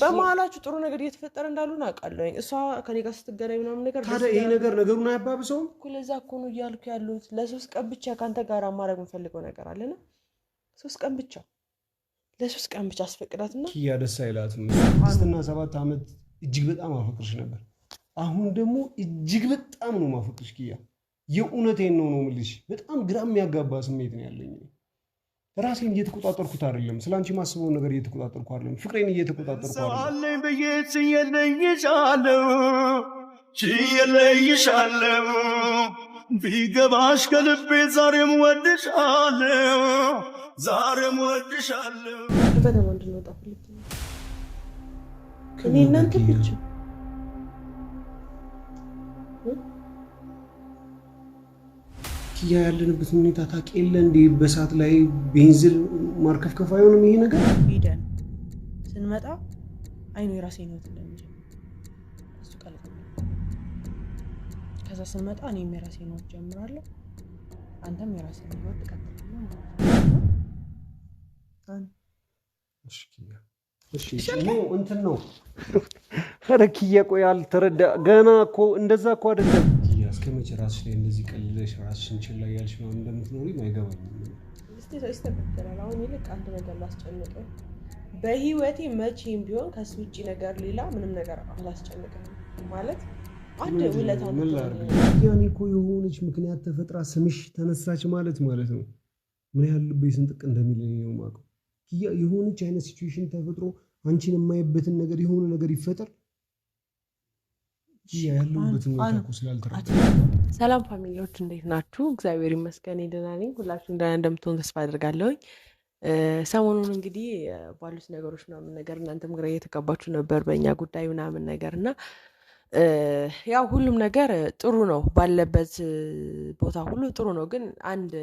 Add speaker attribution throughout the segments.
Speaker 1: በመሀላችሁ ጥሩ ነገር እየተፈጠረ እንዳሉ አውቃለሁኝ። እሷ ከኔ ጋር ስትገናኝ ምናምን ነገር
Speaker 2: ታዲያ ይሄ ነገር ነገሩን አያባብሰውም
Speaker 1: እኮ። ለዛ እኮ ነው እያልኩ ያሉት። ለሶስት ቀን ብቻ ከአንተ ጋር ማድረግ የምፈልገው ነገር አለና ሶስት ቀን ብቻ ለሶስት ቀን ብቻ አስፈቅዳት እና
Speaker 2: ኪያ ደስ አይላትም። ስድስትና ሰባት ዓመት እጅግ በጣም አፈቅርሽ ነበር። አሁን ደግሞ እጅግ በጣም ነው ማፈቅርሽ ኪያ። የእውነቴን ነው ነው የምልሽ። በጣም ግራ የሚያጋባ ስሜት ነው ያለኝ። ራሴን እየተቆጣጠርኩት አይደለም። ስለ አንቺ ማስበውን ነገር እየተቆጣጠርኩ አይደለም። ፍቅሬን እየተቆጣጠርኩ
Speaker 1: አለኝ ቢገባሽ ከልቤ ዛሬም ወድሻለው ዛሬም ነው። እናንተ ብቻ
Speaker 2: ክያ ያለንበትን ሁኔታ ታውቂ የለ እንዴ? በሰዓት ላይ ቤንዚን ማርከፍከፍ አይሆንም ይሄ ነገር።
Speaker 1: ሄደን ስንመጣ አይኑ የራሴ ነው ትለኝ ከዛ ስንመጣ እኔም የራሴ ነው ጀምራለሁ፣ አንተም የራሴ ነው ትቀጥላለህ
Speaker 2: ነው። እንትን ነው ኧረ ቆይ አልተረዳ ገና እኮ እንደዛ እኮ አይደለም እስከመቼ ራስሽ ላይ እንደዚህ ቀልለሽ ራስሽን ችላ እያልሽ ምናምን እንደምትኖሪም አይገባኝም።
Speaker 1: ይስተካከላል። አሁን ይልቅ አንድ ነገር ላስጨንቅህ። በህይወቴ መቼም ቢሆን ከሱ ውጭ ነገር ሌላ ምንም ነገር አላስጨንቅም ማለት አንድ
Speaker 2: ውለታ ያኔ እኮ የሆነች ምክንያት ተፈጥራ ስምሽ ተነሳች ማለት ማለት ነው። ምን ያህል ልቤ ስንጥቅ እንደሚል ነው የማውቀው። የሆነች አይነት ሲቹዌሽን ተፈጥሮ አንቺን የማይበትን ነገር የሆነ ነገር ይፈጠር
Speaker 1: ሰላም ፋሚሊዎች እንዴት ናችሁ? እግዚአብሔር ይመስገን ደህና ነኝ። ሁላችሁም ደህና እንደምትሆን ተስፋ አድርጋለሁኝ። ሰሞኑን እንግዲህ ባሉት ነገሮች ምናምን ነገር እናንተም ግራ እየተቀባችሁ ነበር በእኛ ጉዳይ ምናምን ነገር እና ያው ሁሉም ነገር ጥሩ ነው ባለበት ቦታ ሁሉ ጥሩ ነው። ግን አንድ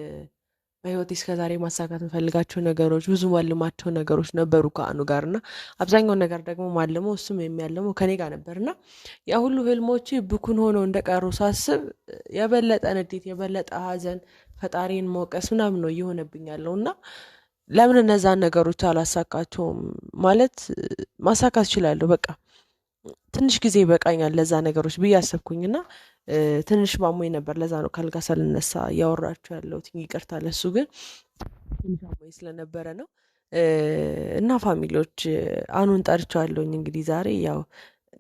Speaker 1: በህይወት እስከዛሬ ማሳካት የምፈልጋቸው ነገሮች ብዙ ማልማቸው ነገሮች ነበሩ ከአኑ ጋር እና አብዛኛውን ነገር ደግሞ ማልመው እሱም የሚያልመው ከኔ ጋር ነበር እና ያ ሁሉ ህልሞች ብኩን ሆነው እንደቀሩ ሳስብ የበለጠ ንዴት፣ የበለጠ ሀዘን ፈጣሪን መውቀስ ምናምን ነው እየሆነብኝ ያለው እና ለምን እነዛን ነገሮች አላሳካቸውም? ማለት ማሳካት እችላለሁ፣ በቃ ትንሽ ጊዜ ይበቃኛል ለዛ ነገሮች ብዬ አሰብኩኝና ትንሽ ማሞኝ ነበር። ለዛ ነው ከአልጋ ሳልነሳ እያወራችሁ ያለሁት። ይቅርታ ለሱ ግን ትንሽ አሞኝ ስለነበረ ነው። እና ፋሚሊዎች አኑን ጠርቸዋለኝ እንግዲህ ዛሬ ያው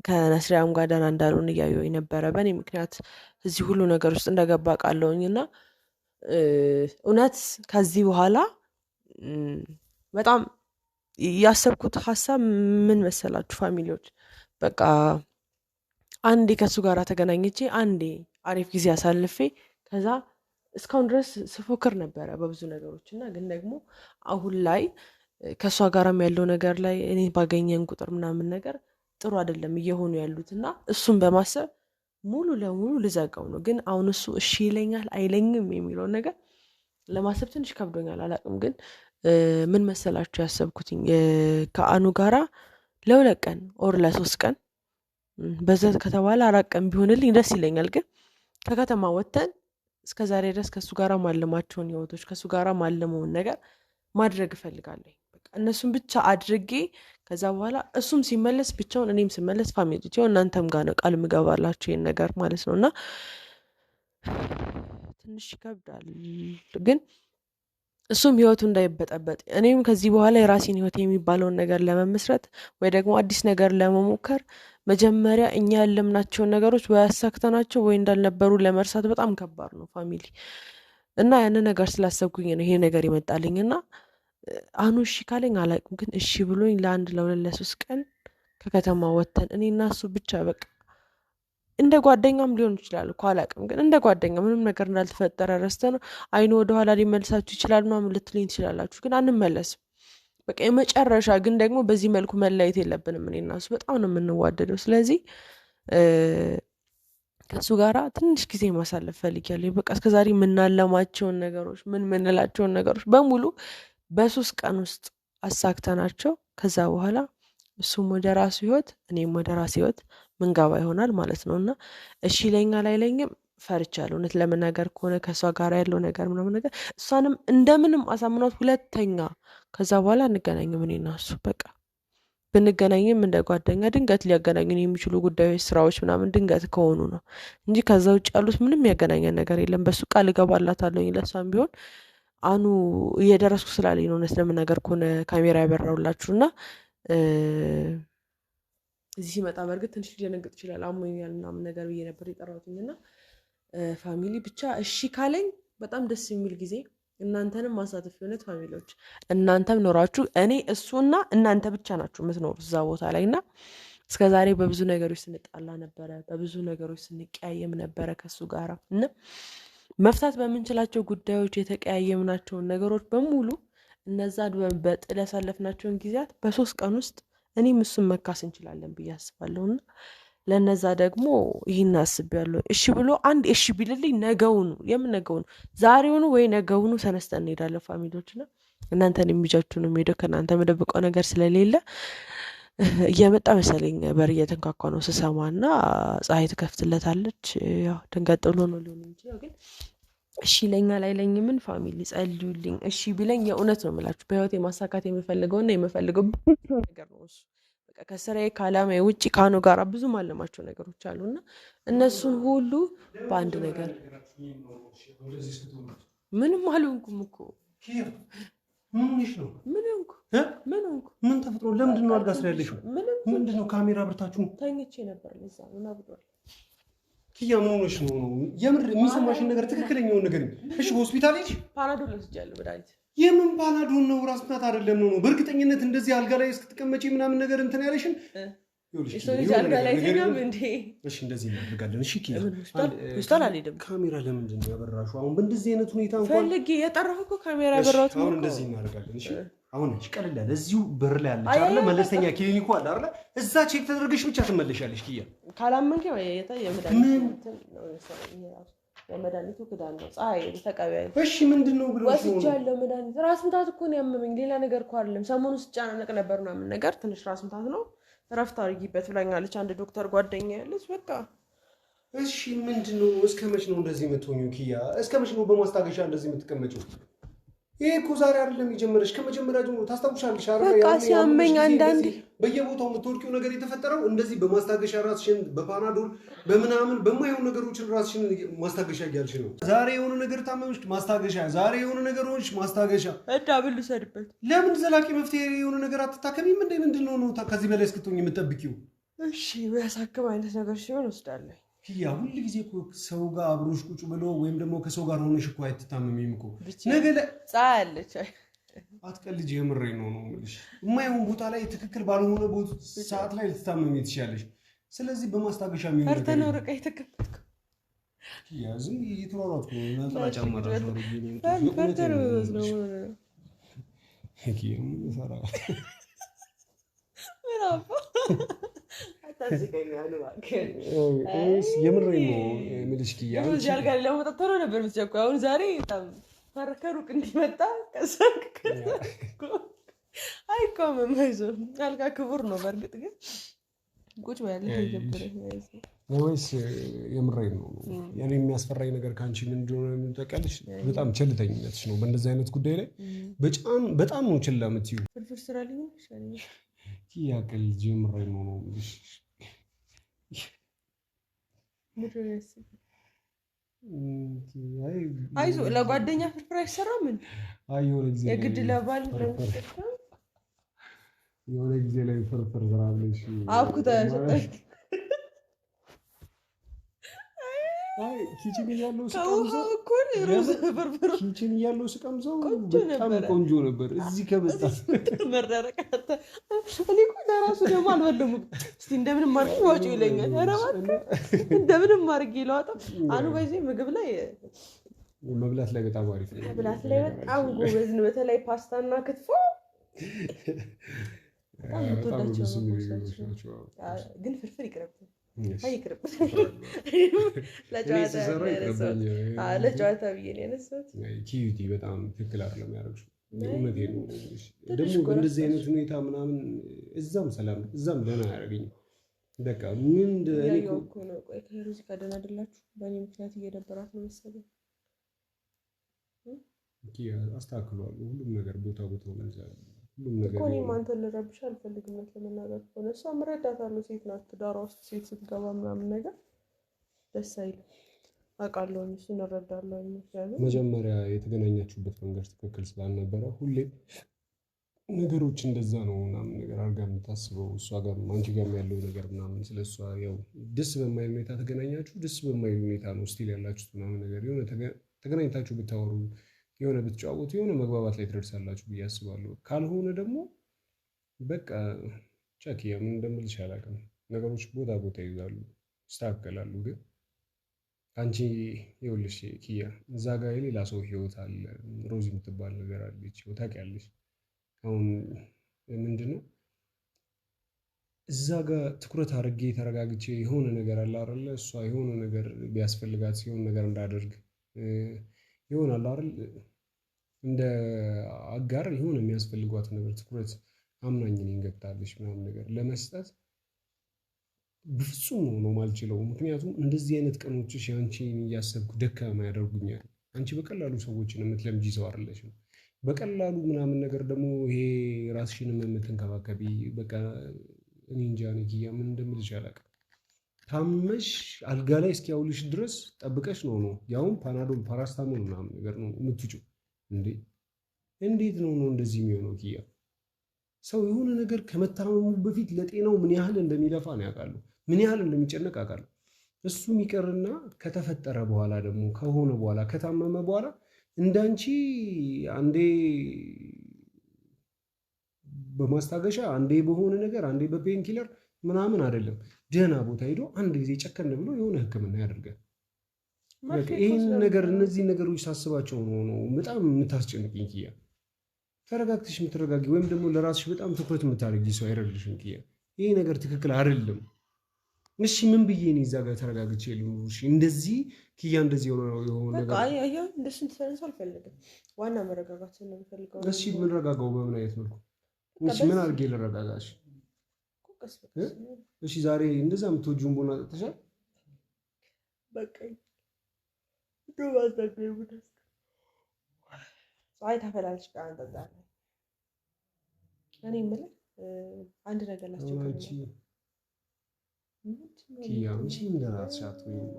Speaker 1: ከነስሪያም ጋር ደህና እንዳልሆን እያየሁኝ ነበረ። በእኔ ምክንያት እዚህ ሁሉ ነገር ውስጥ እንደገባ ቃለውኝ እና እውነት ከዚህ በኋላ በጣም ያሰብኩት ሀሳብ ምን መሰላችሁ ፋሚሊዎች በቃ አንዴ ከሱ ጋር ተገናኝቼ አንዴ አሪፍ ጊዜ አሳልፌ ከዛ እስካሁን ድረስ ስፎክር ነበረ በብዙ ነገሮች እና ግን ደግሞ አሁን ላይ ከእሷ ጋራም ያለው ነገር ላይ እኔ ባገኘን ቁጥር ምናምን ነገር ጥሩ አይደለም እየሆኑ ያሉት እና እሱን በማሰብ ሙሉ ለሙሉ ልዘጋው ነው። ግን አሁን እሱ እሺ ይለኛል አይለኝም የሚለውን ነገር ለማሰብ ትንሽ ከብዶኛል። አላቅም ግን ምን መሰላችሁ ያሰብኩትኝ ከአኑ ጋራ ለሁለት ቀን ኦር ለሶስት ቀን በዛ ከተባለ አራት ቀን ቢሆንልኝ ደስ ይለኛል። ግን ከከተማ ወጥተን እስከ ዛሬ ድረስ ከእሱ ጋር ማለማቸውን ህይወቶች ከእሱ ጋር ማለመውን ነገር ማድረግ እፈልጋለሁ። እነሱም ብቻ አድርጌ ከዛ በኋላ እሱም ሲመለስ ብቻውን እኔም ስመለስ ፋሚሊ እናንተም ጋር ነው ቃል ምገባላቸው ይህን ነገር ማለት ነው እና ትንሽ ይከብዳል ግን እሱም ህይወቱ እንዳይበጠበጥ እኔም ከዚህ በኋላ የራሴን ህይወት የሚባለውን ነገር ለመመስረት ወይ ደግሞ አዲስ ነገር ለመሞከር መጀመሪያ እኛ ያለምናቸውን ነገሮች ወይ ያሳክተናቸው ወይ እንዳልነበሩ ለመርሳት በጣም ከባድ ነው ፋሚሊ እና ያን ነገር ስላሰብኩኝ ነው ይሄ ነገር ይመጣልኝ እና አኑ እሺ ካለኝ አላውቅም፣ ግን እሺ ብሎኝ ለአንድ ለሁለት ለሶስት ቀን ከከተማ ወተን እኔ እና እሱ ብቻ በቃ እንደ ጓደኛም ሊሆን ይችላል እኮ አላቅም ግን እንደ ጓደኛ ምንም ነገር እንዳልተፈጠረ ረስተ ነው አይኑ ወደኋላ ሊመልሳችሁ ይችላል ምናምን ልትልኝ ትችላላችሁ፣ ግን አንመለስም። በቃ የመጨረሻ ግን ደግሞ በዚህ መልኩ መለየት የለብንም። እኔ እና እሱ በጣም ነው የምንዋደደው። ስለዚህ ከእሱ ጋር ትንሽ ጊዜ ማሳለፍ ፈልጊያለሁ። በቃ እስከዛሬ የምናለማቸውን ነገሮች ምን ምንላቸውን ነገሮች በሙሉ በሶስት ቀን ውስጥ አሳክተናቸው ከዛ በኋላ እሱም ወደ ራሱ ህይወት እኔም ወደ ራሴ ህይወት ምንገባ ይሆናል ማለት ነው እና እሺ ላይ ለኝም ፈርቻለሁ። እውነት ለመናገር ከሆነ ከእሷ ጋር ያለው ነገር ምናምን ነገር እሷንም እንደምንም አሳምኗት ሁለተኛ ከዛ በኋላ እንገናኝም እኔና እሱ በቃ ብንገናኝም እንደ ጓደኛ ድንገት ሊያገናኙን የሚችሉ ጉዳዮች፣ ስራዎች ምናምን ድንገት ከሆኑ ነው እንጂ ከዛ ውጭ ያሉት ምንም ያገናኘን ነገር የለም። በሱ ቃል እገባላታለሁኝ ለእሷም ቢሆን አኑ እየደረስኩ ስላለኝ ነው። እውነት ለመናገር ከሆነ ካሜራ ያበራውላችሁ እና እዚህ ሲመጣ በእርግጥ ትንሽ ሊደነግጥ ይችላል። አሞኛል ምናምን ነገር ብዬ ነበር የጠራሁትኝ እና ፋሚሊ ብቻ እሺ ካለኝ በጣም ደስ የሚል ጊዜ እናንተንም ማሳተፍ የሆነት ፋሚሊዎች እናንተም ኖራችሁ እኔ እሱና እናንተ ብቻ ናችሁ የምትኖሩት እዛ ቦታ ላይ እና እስከ ዛሬ በብዙ ነገሮች ስንጣላ ነበረ፣ በብዙ ነገሮች ስንቀያየም ነበረ ከሱ ጋራ እና መፍታት በምንችላቸው ጉዳዮች የተቀያየምናቸውን ነገሮች በሙሉ እነዛ በጥል ያሳለፍናቸውን ጊዜያት በሶስት ቀን ውስጥ እኔም እሱን መካስ እንችላለን ብዬ አስባለሁና ለነዛ ደግሞ ይህን አስብ አስቤያለሁ እሺ ብሎ አንድ እሺ ቢልልኝ ነገውኑ የምን ነገውኑ ዛሬውኑ ወይ ነገውኑ ተነስተን እንሄዳለን። ፋሚሊዎች ና እናንተን የሚጃችሁ ነው የሚሄደው። ከእናንተ መደብቀው ነገር ስለሌለ እየመጣ መሰለኝ በር እየተንኳኳ ነው ስሰማ ና ፀሐይ ትከፍትለታለች። ያው ደንገጥ ብሎ ነው ሊሆን እንጂ ግን እሺ ለኛ ላይ ለኝ ምን ፋሚሊ ጸልዩልኝ። እሺ ቢለኝ የእውነት ነው ምላችሁ በህይወት የማሳካት የምፈልገውና የምፈልገው ነገር ነው እሱ ከስራዬ ከአላማዬ ውጭ ከአኖ ጋር ብዙ ማለማቸው ነገሮች እና እነሱን ሁሉ በአንድ ነገር ምንም አልሆንኩም እኮ
Speaker 2: ምን ሆንኩ? ምን ተፈጥሮ? ለምንድን ነው አልጋ ስራ ያለሽው? ምንድን ነው ካሜራ ብርታችሁ?
Speaker 1: ተኝቼ ነበር። ለዛ ምን አብዷል።
Speaker 2: ኪያ ምን ሆነሽ ነው? የምር የሚሰማሽን ነገር ትክክለኛውን ነገር እሺ። ሄድሽ?
Speaker 1: ወስጃለሁ መድኃኒት
Speaker 2: የምን ባላዶን ነው? ራስ ምታት አይደለም ነው? በእርግጠኝነት እንደዚህ አልጋ ላይ እስክትቀመጪ ምናምን ነገር እንትን ያለሽን ካሜራ ለምንድን ነው ያበራሽው? አሁን በእንደዚህ አይነት ሁኔታ
Speaker 1: ፈልጌ የጠራሁ እኮ ካሜራ ያበራሁት።
Speaker 2: አሁን እንደዚህ እናደርጋለን። እሺ አሁን እሺ፣ ቀለል ያለ እዚሁ በር ላይ ያለች አይደለ? መለስተኛ ክሊኒኩ አለ አይደለ? እዛ ቼክ ተደርገሽ ብቻ ትመለሻለሽ። ክያ
Speaker 1: ኪያ ምን መድኃኒቱ ክዳን ነው። ፀሐይ ተቀበያል።
Speaker 2: እሺ ምንድን ነው
Speaker 1: ብሎ ወስጃለሁ መድኃኒት። ራስ ምታት እኮ ነው ያመመኝ፣ ሌላ ነገር እኮ አይደለም። ሰሞኑን ስጨናነቅ ነበር ምናምን ነገር ትንሽ ራስ ምታት ነው፣ እረፍት አድርጊበት ብላኛለች አንድ ዶክተር ጓደኛ ያለች። በቃ
Speaker 2: እሺ ምንድን ነው? እስከ መች ነው እንደዚህ የምትሆኙ ኪያ? እስከ መች ነው በማስታገሻ እንደዚህ የምትቀመጪው? ይሄ እኮ ዛሬ አይደለም የጀመረሽ። ከመጀመሪያ ጀምሮ ታስታውሻለሽ።
Speaker 1: በቃ ሲያመኝ አንዳንዴ
Speaker 2: በየቦታው የምትወርቂው ነገር የተፈጠረው እንደዚህ በማስታገሻ ራስሽን በፓናዶል በምናምን በማይሆኑ ነገሮችን ራስሽን ማስታገሻ እያልሽ ነው። ዛሬ የሆነ ነገር ታመምሽ፣ ማስታገሻ። ዛሬ የሆነ ነገር ሆንሽ፣ ማስታገሻ።
Speaker 1: እዳ ብል ሰድበት።
Speaker 2: ለምን ዘላቂ መፍትሄ የሆነ ነገር አትታከሚም? ምንድን ነው ከዚህ በላይ እስክትሆኝ የምጠብቂው?
Speaker 1: እሺ ያሳክም አይነት ነገር ሲሆን ወስዳለሁ
Speaker 2: ያ ሁል ጊዜ እኮ ሰው ጋር አብሮሽ ቁጭ ብሎ ወይም ደግሞ ከሰው ጋር ሆነሽ እኮ አይትታመሚም እኮ
Speaker 1: ነገ ላይ ፀሐይ አለች።
Speaker 2: አትቀልጅ፣ የምሬን ነው ነው የምልሽ። የማይሆን ቦታ ላይ ትክክል ባልሆነ ሰዓት ላይ ልትታመሚ ትችያለሽ። ስለዚህ በማስታገሻ የሚሆን
Speaker 1: ፈርተህ ነው ርቀህ የተቀመጥከው።
Speaker 2: ያ ዝም እየተሯሯጥኩ ጫማ ራሱ የምር ምልሽ
Speaker 1: ጃርጋ ሌላ መጣት ቶሎ ነበር የምትቸኩ አሁን ዛሬ በጣም ከሩቅ እንዲመጣ አይቆምም። ይዞ አልጋ ክቡር ነው። በእርግጥ ግን ቁጭ በያለ
Speaker 2: ወይስ የምሬን ነው? ያኔ የሚያስፈራኝ ነገር ከአንቺ ምን እንደሆነ የምጠቀልሽ በጣም ቸልተኝነትሽ ነው። በእንደዚህ አይነት ጉዳይ ላይ በጣም በጣም ነው ችላ የምትይው።
Speaker 1: ፍርፍር ስራ ሊሆን
Speaker 2: ያቅል ጅምሬ ነው ነው
Speaker 1: አይዞ ለጓደኛ ፍርፍር አይሰራ ምን የግድ ለባል
Speaker 2: የሆነ ጊዜ ላይ ፍርፍር ዝራለሽ ሰጠች አይ ኪችን እያለው ስቀምዘው ኪችን እያለው ስቀምዘው በጣም ቆንጆ ነበር።
Speaker 1: እዚህ ከመጣ መረረቃታ እኔ እኮ ለራሱ ደግሞ አልበለሙ እስቲ እንደምንም አድርጊ ዋጭ ይለኛል። ኧረ እባክህ እንደምንም አድርጊ ለዋጣ አሉ በዚህ ምግብ ላይ
Speaker 2: መብላት ላይ በጣም
Speaker 1: አሪፍ ነው። መብላት ላይ በጣም ጎበዝ ነው። በተለይ እና ክትፎ በጣም የምትወዳቸው ግን ፍርፍር ይቅረብ አይቅርብኝ ለጨዋታ ብዬ ነው ያነሳሁት።
Speaker 2: በጣም ትክክል አይደለም ያደረግሽው። ነው። ደግሞ በእንደዚህ አይነት ሁኔታ ምናምን እዛም ሰላም እዛም ደህና አያደርገኝም። በቃ ምን
Speaker 1: ከሩዚ ጋር ደህና አይደላችሁ። በእኔ ምክንያት እየደበራት ነው መሰለኝ።
Speaker 2: አስተካክሏል ሁሉም ነገር ቦታ ቦታ
Speaker 1: እኮ እኔም አንተን ልረብሽ አልፈልግም። ለመናገር ከሆነ እሷም እረዳታለሁ። ሴት ናት፣ ትዳሯ ውስጥ ሴት ስትገባ ምናምን ነገር ደስ አይልም። አውቃለሁኝ፣ እሱን እረዳለሁ።
Speaker 2: ምክንያቱም መጀመሪያ የተገናኛችሁበት መንገድ ትክክል ስላልነበረ ሁሌ ነገሮች እንደዛ ነው ምናምን ነገር አድርጋ የምታስበው እሷ ጋር አንቺ ጋር ያለው ነገር ምናምን ስለ እሷ ያው ደስ በማይል ሁኔታ ተገናኛችሁ፣ ደስ በማይል ሁኔታ ነው ስቲል ያላችሁት ምናምን ነገር የሆነ ተገናኝታችሁ ብታወሩ የሆነ ብትጫወቱ የሆነ መግባባት ላይ ትደርሳላችሁ ብዬ አስባለሁ። ካልሆነ ደግሞ በቃ ጨክ ምን እንደምልሽ አላውቅም። ነገሮች ቦታ ቦታ ይይዛሉ፣ ይስተካከላሉ። ግን አንቺ ይኸውልሽ ኪያ፣ እዛ ጋር የሌላ ሰው ህይወት አለ። ሮዚ የምትባል ነገር አለች፣ ታውቂያለሽ። አሁን ምንድን ነው እዛ ጋር ትኩረት አድርጌ ተረጋግቼ የሆነ ነገር አለ አይደለ፣ እሷ የሆነ ነገር ቢያስፈልጋት ሲሆን ነገር እንዳደርግ ይሆናል አይደል እንደ አጋር የሆነ የሚያስፈልጓት ነገር ትኩረት አምናኝ እኔን ገብታለች ምናምን ነገር ለመስጠት በፍጹም ነው ነው የማልችለው። ምክንያቱም እንደዚህ አይነት ቀኖችሽ የአንቺን እያሰብኩ ደካማ ያደርጉኛል። አንቺ በቀላሉ ሰዎችን የምትለምጂ ሰው አይደለሽም። በቀላሉ ምናምን ነገር ደግሞ ይሄ ራስሽንም የምትንከባከቢ በቃ እኔ እንጃ እኔ ምን እንደምልሽ አላውቅም። ታመሽ አልጋ ላይ እስኪያውልሽ ድረስ ጠብቀሽ ነው ነው ያውም ፓናዶል ፓራስታሞል ምናምን ነገር ነው የምትጩው። እንዴ እንዴት ነው ነው እንደዚህ የሚሆነው? ኪያ ሰው የሆነ ነገር ከመታመሙ በፊት ለጤናው ምን ያህል እንደሚለፋ ነው ያውቃለሁ፣ ምን ያህል እንደሚጨነቅ ያውቃሉ እሱ ይቀርና ከተፈጠረ በኋላ ደግሞ ከሆነ በኋላ ከታመመ በኋላ እንዳንቺ አንዴ በማስታገሻ አንዴ በሆነ ነገር አንዴ በፔንኪለር ምናምን አይደለም ደህና ቦታ ሄዶ አንድ ጊዜ ጨከን ብሎ የሆነ ህክምና ያደርጋል። ይህን ነገር እነዚህ ነገሮች ሳስባቸው ነው ነው በጣም የምታስጨንቅኝ ኪያ። ተረጋግተሽ የምትረጋጊ ወይም ደግሞ ለራስሽ በጣም ትኩረት የምታደርጊ ሰው አይረግልሽም ኪያ። ይህ ነገር ትክክል አይደለም። እሺ ምን ብዬ እኔ እዛ ጋር ተረጋግቼ ልኑርሽ? እንደዚህ ክያ እንደዚህ የሆነ የሆነ ነገር
Speaker 1: ዋና መረጋጋት ነው
Speaker 2: የሚፈልገው። እሺ የምንረጋጋው በምን አይነት መልኩ? ምን አድርጌ ልረጋጋሽ? እሺ፣ ዛሬ እንደዛ የምትወጂውን ቡና ጠጥተሻል?
Speaker 1: በቃኝ። ፀሐይ ታፈላለች። እኔ የምልህ አንድ ነገር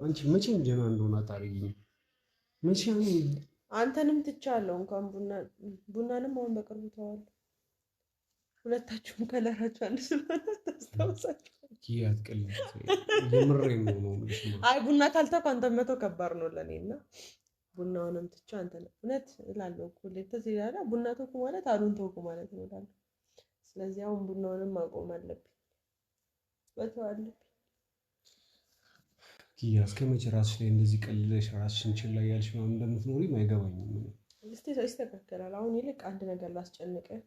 Speaker 2: መቼም ጀና እንደሆነ አታደርጊኝም። መቼም
Speaker 1: አንተንም ትቻለሁ። እንኳን ቡናንም አሁን በቅርቡ ተዋል ሁለታችሁም ከለራችሁ አንድ ስለሆነ
Speaker 2: ታስታውሳችሁ።
Speaker 1: ቡና ካልተኩ አንተ መቶ ከባድ ነው ለእኔ እና ቡናውንም ትቼ አንተ እውነት እላለሁ እኮ እንደዚህ እላለሁ። ቡና ተውኩ ማለት አሉን ተውኩ ማለት ነው እላለሁ። ስለዚህ አሁን ቡናውንም ማቆም አለብኝ፣ መተው
Speaker 2: ኪያ እስከ መቼ ራስሽ ላይ እንደዚህ ቀልለሽ ራስሽን ችላ እያልሽ ምናምን እንደምትኖሪ
Speaker 1: አይገባኝም። ይስተካከላል። አሁን ይልቅ አንድ ነገር ላስጨንቅህ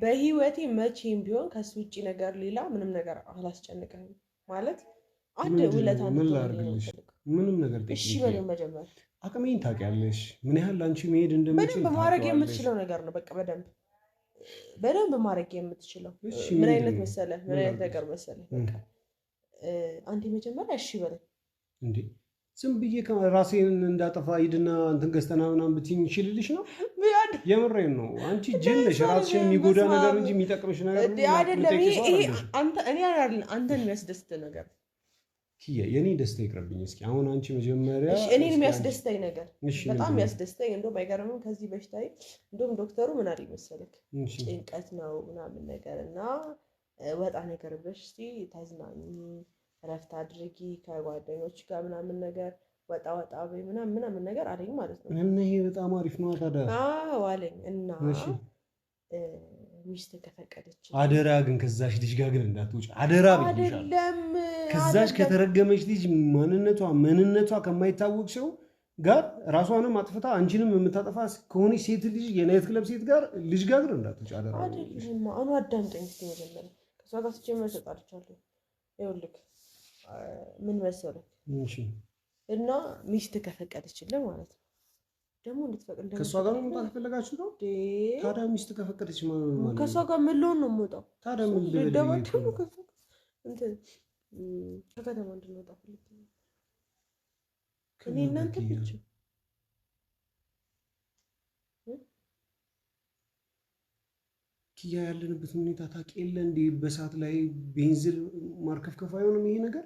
Speaker 1: በህይወቴ መቼም ቢሆን ከሱ ውጭ ነገር ሌላ ምንም ነገር አላስጨንቅም። ማለት አንድ ውለታ ምን ምንም ነገር እሺ በለው መጀመር
Speaker 2: አቅሜን ታውቂያለሽ፣ ምን ያህል አንቺ መሄድ እንደምችል በደንብ
Speaker 1: ማድረግ የምትችለው ነገር ነው። በቃ በደንብ በደንብ ማድረግ የምትችለው ምን አይነት መሰለህ? ምን አይነት ነገር መሰለህ? አንዴ መጀመሪያ እሺ
Speaker 2: በለኝ እንዴ ዝም ብዬ ራሴን እንዳጠፋ ሂድና እንትን ገዝተና ምናምን ብትይኝ ይችልልሽ ነው። የምሬን ነው። አንቺ ጅል ነሽ። ራስሽን የሚጎዳ ነገር እንጂ የሚጠቅምሽ ነገር
Speaker 1: አይደለም። እኔ አንተን የሚያስደስት ነገር
Speaker 2: ኪያ፣ የኔ ደስታ ይቅርብኝ። እስኪ አሁን አንቺ መጀመሪያ
Speaker 1: እኔን የሚያስደስተኝ ነገር በጣም ያስደስተኝ እንደውም አይገርምም። ከዚህ በሽታ እንደውም ዶክተሩ ምን አለኝ መሰለክ፣ ጭንቀት ነው ምናምን ነገር እና ወጣ ነገር በሽ ተዝናኝ እረፍት አድርጊ ከጓደኞች ጋር ምናምን ነገር ወጣ ወጣ በይ ምናምን ምናምን ነገር አለኝ
Speaker 2: ማለት ነው። እና ይሄ በጣም አሪፍ ነው ታዲያ።
Speaker 1: አዎ አለኝ እና ሚስት ከፈቀደች
Speaker 2: አደራ፣ ግን ከዛሽ ልጅ ጋር ግን እንዳትወጪ አደራ። አይደለም ከዛሽ ከተረገመች ልጅ ማንነቷ ምንነቷ ከማይታወቅ ሰው ጋር ራሷንም አጥፍታ አንቺንም የምታጠፋ ከሆነ ሴት ልጅ የናይት ክለብ ሴት ጋር ልጅ ጋር ግን እንዳትወጪ አደራ።
Speaker 1: አይደለም አሁን አዳምጠኝ ስ መጀመሪያ ከእሷ ጋር ስጀመር ተጣልቻለሁ። ይኸውልህ ምን እና ሚስት ከፈቀደችልህ ማለት ነው
Speaker 2: ደግሞ እንድትፈቅድ ከእሷ ጋር መምጣት ነው። ታዲያ ሚስት ከፈቀደች
Speaker 1: ከእሷ ጋር ምን ልሆን ነው የምወጣው? ታዲያ ምን ከከተማ እንድንወጣ ፈልግ እኔ እናንተ ብቻ
Speaker 2: ኪያ ያለንበት ሁኔታ ታውቂ የለ እንዴ? በሰዓት ላይ ቤንዚን ማርከፍከፍ አይሆንም ይሄ ነገር።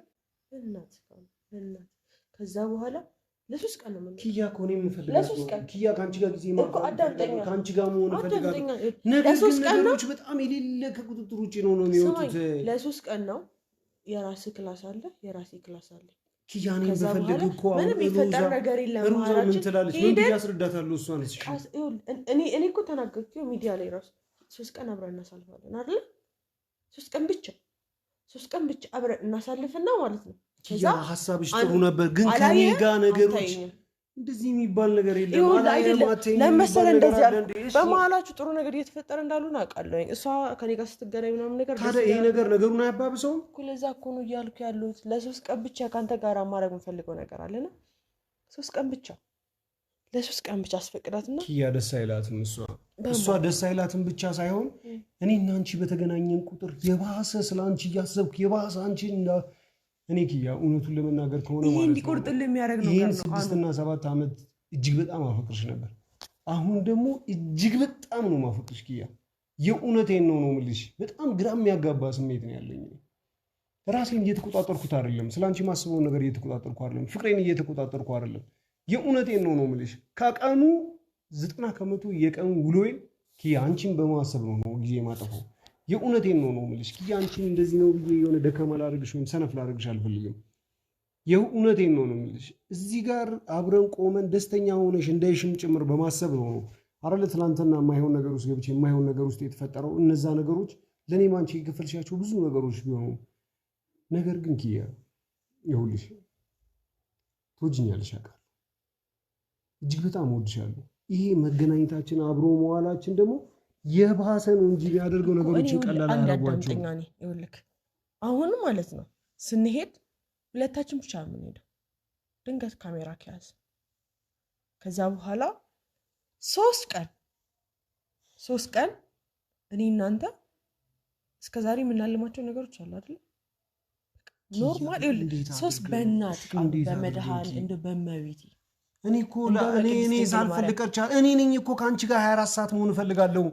Speaker 1: ከዛ በኋላ ለሶስት ቀን ነው
Speaker 2: ኪያ ከሆነ እኔ ኪያ ከአንቺ ጋር ጊዜ
Speaker 1: ከአንቺ ጋር መሆን እፈልጋለሁ።
Speaker 2: ነገር ግን ነገሮች በጣም የሌለ ከቁጥጥር ውጭ ነው ነው የሚወጡት።
Speaker 1: ለሶስት ቀን ነው። የራስ ክላስ አለ፣ የራሴ ክላስ አለ።
Speaker 2: ኪያ እኔን በፈለግ እኮ ምንም
Speaker 1: የፈጠር ነገር የለም። እሷ ነች። እኔ እኮ ተናገርኩ ሚዲያ ላይ ራሱ ሶስት ቀን አብረን እናሳልፋለን አይደለ? ሶስት ቀን ብቻ ሶስት ቀን ብቻ አብረን እናሳልፍና ማለት
Speaker 2: ነው። ያ ሀሳብሽ ጥሩ ነበር፣ ግን ከኔ ጋር ነገሮች እንደዚህ የሚባል ነገር የለም።
Speaker 1: ለመሰለ እንደዚህ ያለ በመሀላችሁ ጥሩ ነገር እየተፈጠረ እንዳሉ አውቃለሁ። እሷ ከኔ ጋር ስትገናኝ
Speaker 2: ምናምን ነገር ታዲያ ይሄ ነገር ነገሩን
Speaker 1: አያባብሰውም እኮ። ለዛ እኮ እያልኩ ያሉት። ለሶስት ቀን ብቻ ከአንተ ጋር ማድረግ የምፈልገው ነገር አለና ሶስት ቀን ብቻ ለሶስት ቀን ብቻ አስፈቅዳትና
Speaker 2: ኪያ ደስ አይላትም እሷ እሷ ደስ አይላትን ብቻ ሳይሆን እኔ እና አንቺ በተገናኘን ቁጥር የባሰ ስለ አንቺ እያሰብኩ የባሰ አንቺ እኔ ክያ እውነቱን ለመናገር ከሆነ
Speaker 1: እንዲቆርጥልህ የሚያደርግ ነው። ይህን ስድስትና ሰባት ዓመት እጅግ በጣም አፈቅርሽ ነበር። አሁን ደግሞ እጅግ በጣም ነው ማፈቅርሽ ክያ፣ የእውነቴን ነው ነው የምልሽ። በጣም ግራ የሚያጋባ ስሜት ነው ያለኝ። ራሴን እየተቆጣጠርኩት አይደለም፣ ስለ አንቺ ማስበውን ነገር እየተቆጣጠርኩ አይደለም፣ ፍቅሬን እየተቆጣጠርኩ አይደለም። የእውነቴን ነው ነው የምልሽ ከቀኑ ዘጠና ከመቶ የቀኑ ውሎዬን ኪያ አንቺን በማሰብ ነው ነው ጊዜ ማጠፋው። የእውነቴን ነው ነው የምልሽ ኪያ አንቺን እንደዚህ ነው ብዬ የሆነ ደከመ ላደርግሽ ወይም ሰነፍ ላደርግሽ አልፈልግም። የእውነቴን ነው ነው የምልሽ እዚህ ጋር አብረን ቆመን ደስተኛ ሆነሽ እንዳይሽም ጭምር በማሰብ ነው ነው አረለ ትላንትና የማይሆን ነገር ውስጥ ገብቼ የማይሆን ነገር ውስጥ የተፈጠረው እነዛ ነገሮች ለእኔ አንቺ የከፈልሻቸው ብዙ ነገሮች ቢሆኑ ነገር ግን ኪያ ይኸውልሽ ትወጂኛለሽ፣ አውቃለሁ። እጅግ በጣም እወድሻለሁ። ይሄ መገናኘታችን አብሮ መዋላችን ደግሞ የባሰ ነው እንጂ ያደርገው ነገሮች ቀላል አሁን ማለት ነው ስንሄድ ሁለታችን ብቻ ነው የምንሄደው። ድንገት ካሜራ ከያዝ ከዛ በኋላ ሶስት ቀን ሶስት ቀን እኔ እናንተ እስከ ዛሬ የምናልማቸው ነገሮች አሉ አይደል? ኖርማል ሶስት በእናት በመድሃን እንደ በመቤቴ እኔ እኮ እኔ እኔ ነኝ እኮ ከአንቺ ጋር 24 ሰዓት መሆን እፈልጋለሁ።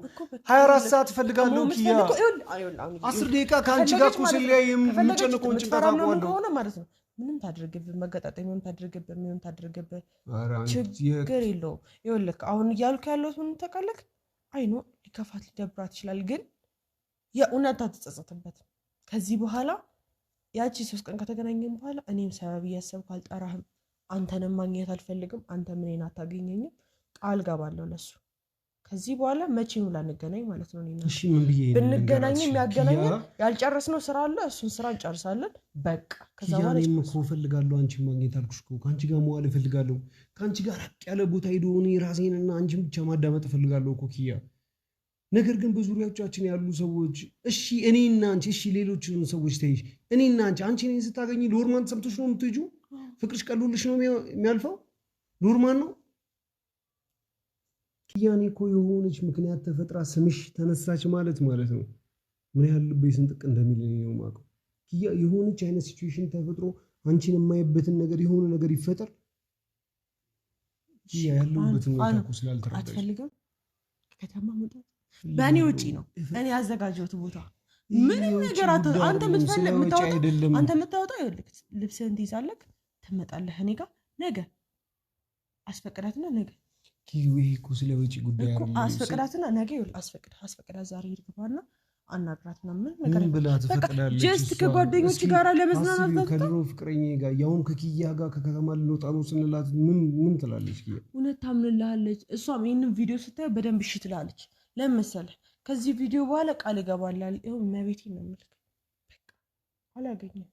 Speaker 1: 24 ሰዓት እፈልጋለሁ። ኪያ አስር ደቂቃ ከአንቺ ጋር ማለት ነው። ምንም ታድርግብህ፣ ምንም ታድርግብህ፣ ምንም ታድርግብህ፣ ችግር የለውም። ይኸውልህ አሁን እያልኩ ያለሁት ምን አይኖ ሊከፋት ሊደብራት ይችላል፣ ግን የእውነት አትጸጸትበትም። ከዚህ በኋላ ያቺ ሶስት ቀን ከተገናኘን በኋላ እኔም ሰበብ እያሰብኩ አልጠራህም አንተንም ማግኘት አልፈልግም፣ አንተ እኔን አታገኘኝም። ቃል ገባለሁ ለሱ ከዚህ በኋላ መቼ መቼም ላንገናኝ ማለት ነው። ብንገናኝ የሚያገናኝ ያልጨረስነው ስራ አለ፣ እሱን ስራ እንጨርሳለን። በቃ እኔም እኮ እፈልጋለሁ አንቺን ማግኘት አልኩሽ እኮ። ከአንቺ ጋር መዋል እፈልጋለሁ። ከአንቺ ጋር ራቅ ያለ ቦታ ሄዶ እኔ ራሴንና አንቺን ብቻ ማዳመጥ እፈልጋለሁ እኮ ኪያ። ነገር ግን በዙሪያዎቻችን ያሉ ሰዎች እሺ፣ እኔና አንቺ እሺ፣ ሌሎች ሰዎች ተይሽ፣ እኔና አንቺ አንቺ እኔን ስታገኝ ሎርማን ሰምቶች ነው የምትሄጂው ፍቅርሽ ቀሉልሽ ነው የሚያልፈው። ኖርማል ነው። ኪያኔ እኮ የሆነች ምክንያት ተፈጥራ ስምሽ ተነሳች ማለት ማለት ነው ምን ያህል ልቤ ስንጥቅ እንደሚል ነው ኪያ የሆነች አይነት ሲትዌሽን ተፈጥሮ አንቺን የማይበትን ነገር የሆነ ነገር ይፈጠር ያለሁበትን ሁኔታ ስላልተረዳሽ ከተማ መውጣት በእኔ ውጪ ነው። እኔ ያዘጋጀሁት ቦታ ምንም ነገር አንተ ምትፈልግ ምታወጣ አንተ ምታወጣ ልብስህን ትይዛለህ ትመጣለህ እኔ ጋር ነገ አስፈቅዳትና ነገ ይሄ ስለ ወጪ ጉዳይ አስፈቅዳትና ነገ አስፈቅድ አስፈቅዳት ዛሬ ሂድ አናግራት ነው ምን ከጓደኞች ጋር ለመዝናናት ከድሮ ፍቅረኛ ጋር ያሁን ከኪያ ጋር ከከተማ ልንወጣ ነው ስንላት ምን ትላለች? ኪያ እውነት ታምንልሃለች። እሷም ይህንን ቪዲዮ ስታየው በደንብ እሺ ትላለች። ለምን መሰለህ? ከዚህ ቪዲዮ በኋላ ቃል እገባልሃል። ይኸው መቤቴ ነው የምልህ አላገኘም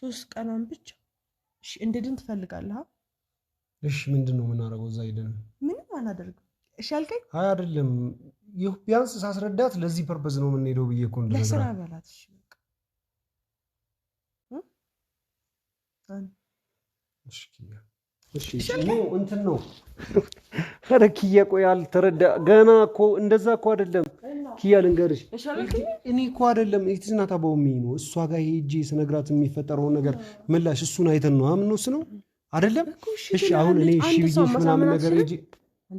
Speaker 1: ሶስት ቀናን ብቻ እንድድን ትፈልጋለህ? እሺ፣ ምንድን ነው የምናደርገው? እዛ ሄደን ምንም አናደርግም። እሺ አልከኝ። አይ አይደለም፣ ቢያንስ ሳስረዳት ለዚህ ፐርፐዝ ነው የምንሄደው ብዬ እኮ ለስራ በላት። እሺ በቃ እሺ እንትን ነው ኧረ ኪያ ቆይ አልተረዳ ገና እኮ እንደዛ እኮ አይደለም ኪያ ልንገርሽ እኔ እኮ አይደለም የትዝናት አባው ነው እሷ ጋር ሄጄ ስነግራት የሚፈጠረውን ነገር ምላሽ እሱን አይተን ነው አምን ነው አይደለም እሺ አሁን እኔ እሺ ብዬሽ ምናምን ነገር ሄጄ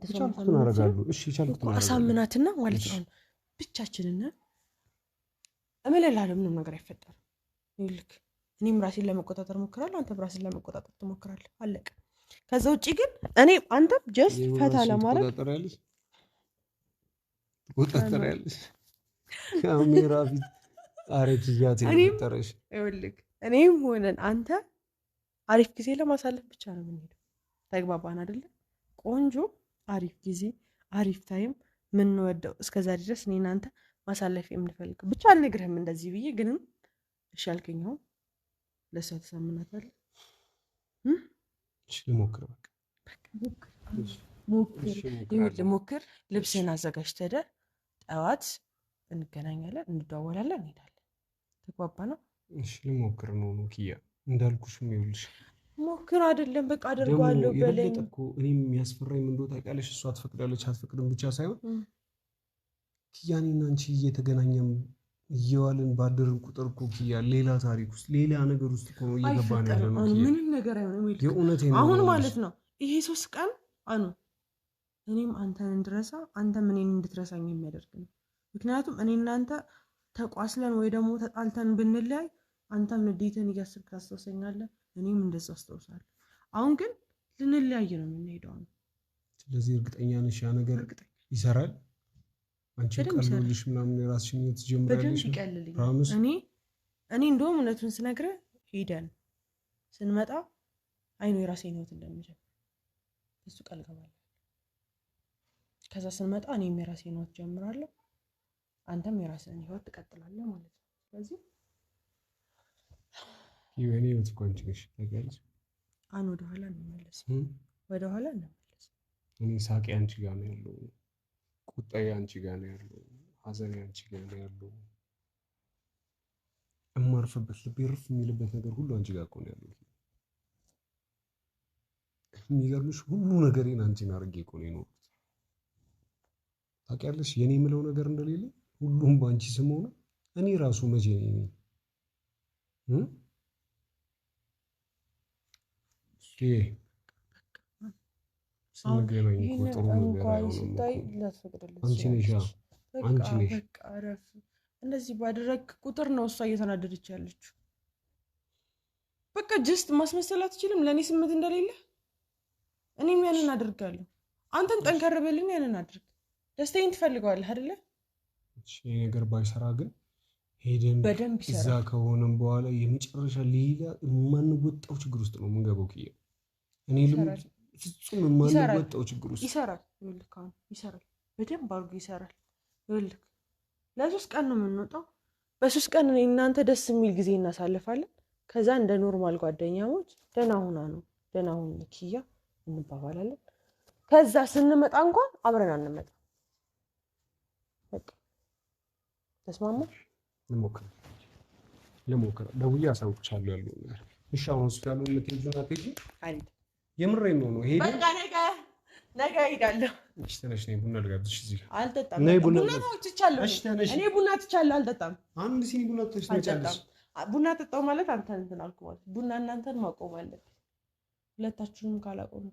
Speaker 1: የቻልኩትን አደርጋለሁ እሺ የቻልኩትን አሳምናትና ማለት ነው ብቻችንን እምልልሃለሁ ምንም ነገር አይፈጠርም ይኸውልህ እኔም ራሴን ለመቆጣጠር እሞክራለሁ አንተም ራስን ለመቆጣጠር ትሞክራለህ አለቀ ከዛ ውጭ ግን እኔ አንተም ጀስት ፈታ ለማድረግ እኔም ሆነን አንተ አሪፍ ጊዜ ለማሳለፍ ብቻ ነው የምንሄደው። ተግባባን አይደለ? ቆንጆ አሪፍ ጊዜ አሪፍ ታይም ምንወደው እስከዛ ድረስ እኔ እናንተ ማሳለፍ የምንፈልገው ብቻ አልነግርህም እንደዚህ ብዬ ግንም እሺ አልከኝ። አሁን ለእሷ ተሳምናታለህ እሺ ልሞክር ልሞክር። ልብስን አዘጋጅተህ ሄደህ ጠዋት እንገናኛለን፣ እንደዋወላለን፣ እንሄዳለን። ተግባባ ነው? እሺ ልሞክር ነው ነው ኪያ እንዳልኩሽም ይኸውልሽ ሞክር አይደለም በቃ አደርገዋለሁ በለኝ እኮ እኔም የሚያስፈራኝ ምን እንደሆነ ታውቂያለሽ እሷ ትፈቅዳለች አትፈቅድም ብቻ ሳይሆን ኪያኔና አንቺ እየተገናኘም እየዋልን ባደርን ቁጥር እኮ ያ ሌላ ታሪክ ውስጥ ሌላ ነገር ውስጥ እኮ ነው ያለ ነው። ምንም ነገር አይሆንም። የእውነት አሁን ማለት ነው ይሄ ሶስት ቀን አኑ እኔም አንተን እንድረሳ አንተም እኔን እንድትረሳኝ የሚያደርግ ነው። ምክንያቱም እኔ እናንተ ተቋስለን ወይ ደግሞ ተጣልተን ብንለያይ አንተም ንዴትን እያስብክ ታስታውሰኛለህ፣ እኔም እንደዛ አስታውሳለሁ። አሁን ግን ልንለያይ ነው የምንሄደው። ስለዚህ እርግጠኛ ነሽ ያ ነገር ይሰራል? አንቺ ቀልልሽ ምናምን የራስሽን እኔ እኔ እንደውም እውነቱን ስነግረ ሄደን ስንመጣ አይኑ የራሴን ህይወት እንደምጀምር እሱ ቃል ከዛ ስንመጣ እኔም የራሴን ህይወት ጀምራለሁ፣ አንተም የራስን ህይወት ትቀጥላለህ ማለት ነው። ስለዚህ የኔ ህይወት እኮ አንቺ ነሽ። አን ወደኋላ እንመለስ፣ ወደኋላ እንመለስ። እኔ ሳቄ አንቺ ጋር ነው ያለው ቁጣዬ አንቺ ጋር ነው ያለው፣ ሀዘኔ አንቺ ጋር ነው ያለው። እማርፍበት ልቤ ርፍ የሚልበት ነገር ሁሉ አንቺ ጋር እኮ ነው ያለው። የሚገርምሽ ሁሉ ነገሬን አንቺን አድርጌ እኮ ነው የኖርኩት። ታውቂያለሽ የኔ የምለው ነገር እንደሌለ ሁሉም በአንቺ ስም ሆነ። እኔ ራሱ መቼ እ እኔ ስንገናኝ ጥሩ አንቺ ነሽ አንቺ ነሽ። እንደዚህ ባደረግ ቁጥር ነው እሷ እየተናደደች ያለችው። በቃ ጀስት ማስመሰል አትችልም ለእኔ ስሜት እንደሌለ። እኔም ያንን አድርጋለሁ። አንተም ጠንከር በልን፣ ያንን አድርግ። ደስተኝ ትፈልገዋለህ አይደለ? ነገር ባይሰራ ግን ሄደን በደንብ እዛ ከሆነም በኋላ የመጨረሻ ሌላ የማንወጣው ችግር ውስጥ ነው የምንገባው። ክያ እኔ ልምድ ፍጹም የማንወጣው ችግር ውስጥ ይሰራል። ይኸውልህ አሁን ይሰራል፣ በደንብ አድርጎ ይሰራል። ይኸውልህ ለሶስት ቀን ነው የምንወጣው። በሶስት ቀን እናንተ ደስ የሚል ጊዜ እናሳልፋለን። ከዛ እንደ ኖርማል ጓደኛሞች ደህና ሁና ነው ደህና ሁን ኪያ እንባባላለን። ከዛ ስንመጣ እንኳን አብረን አንመጣ። ተስማማ? ልሞክር ልሞክር። ደውዬ አሳውቅሻለሁ ያለው እሺ። አሁን ሆስፒታሉ የምትሄጂው ናት ሄጂ የምሬ ነው ነው። ይሄ በቃ ነገ ነገ እሺ ተነሽ፣ ቡና እዚህ አልጠጣም። ቡና እሺ ተነሽ። እኔ ቡና አልጠጣም። አንድ ሲኒ ቡና ቡና ጠጣው ማለት አንተ እንትን አልኩ ማለት ቡና እናንተን ማቆም አለብን። ሁለታችሁንም ካላቆም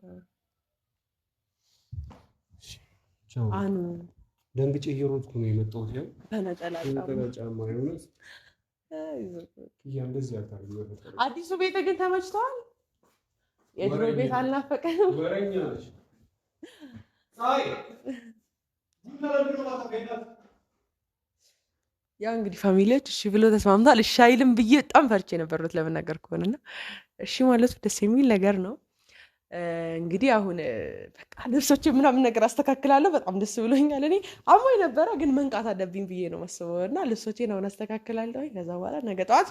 Speaker 1: አኑ ደንግጬ እየሮጥኩ ነው የመጣሁት። ያው በነጠላ ጫማ የሆነ አዲሱ ቤት ግን ተመችተዋል። የድሮ ቤት አልናፈቀንም። ያው እንግዲህ ፋሚሊዎች እሺ ብሎ ተስማምቷል። እሺ አይልም ብዬ በጣም ፈርቼ የነበሩት ለመናገር ከሆነና እሺ ማለቱ ደስ የሚል ነገር ነው። እንግዲህ አሁን በቃ ልብሶች ምናምን ነገር አስተካክላለሁ። በጣም ደስ ብሎኛል። እኔ አሞኝ ነበረ ግን መንቃት አለብኝ ብዬ ነው ማስበው እና ልብሶቼን አሁን አስተካክላለሁ። ከዛ በኋላ ነገ ጠዋት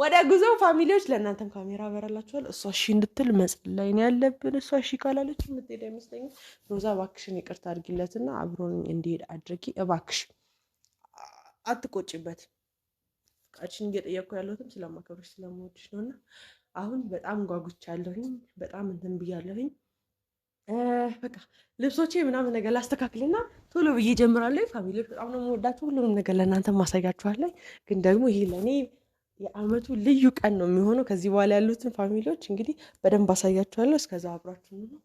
Speaker 1: ወደ ጉዞ ፋሚሊዎች፣ ለእናንተም ካሜራ አበራላችኋል። እሷ እሺ እንድትል መጸለይ ነው ያለብን። እሷ እሺ ካላለች የምትሄድ አይመስለኝም። ሮዛ እባክሽን ይቅርታ አድርጊለትና አብሮን እንዲሄድ አድርጊ እባክሽ፣ አትቆጭበት። ቃችን እየጠየቅኩ ያለሁትም ስለማከብርሽ ስለምወድሽ ነው እና አሁን በጣም ጓጉቻለሁኝ። በጣም እንትን ብያለሁኝ። በቃ ልብሶቼ ምናምን ነገር ላስተካክልና ቶሎ ብዬ ጀምራለሁ። ፋሚሊዎች በጣም ነው የምወዳቸው። ሁሉንም ነገር ለእናንተ ማሳያችኋለሁ። ግን ደግሞ ይሄ ለእኔ የአመቱ ልዩ ቀን ነው የሚሆነው። ከዚህ በኋላ ያሉትን ፋሚሊዎች እንግዲህ በደንብ አሳያችኋለሁ። እስከዛ አብራችሁ ነው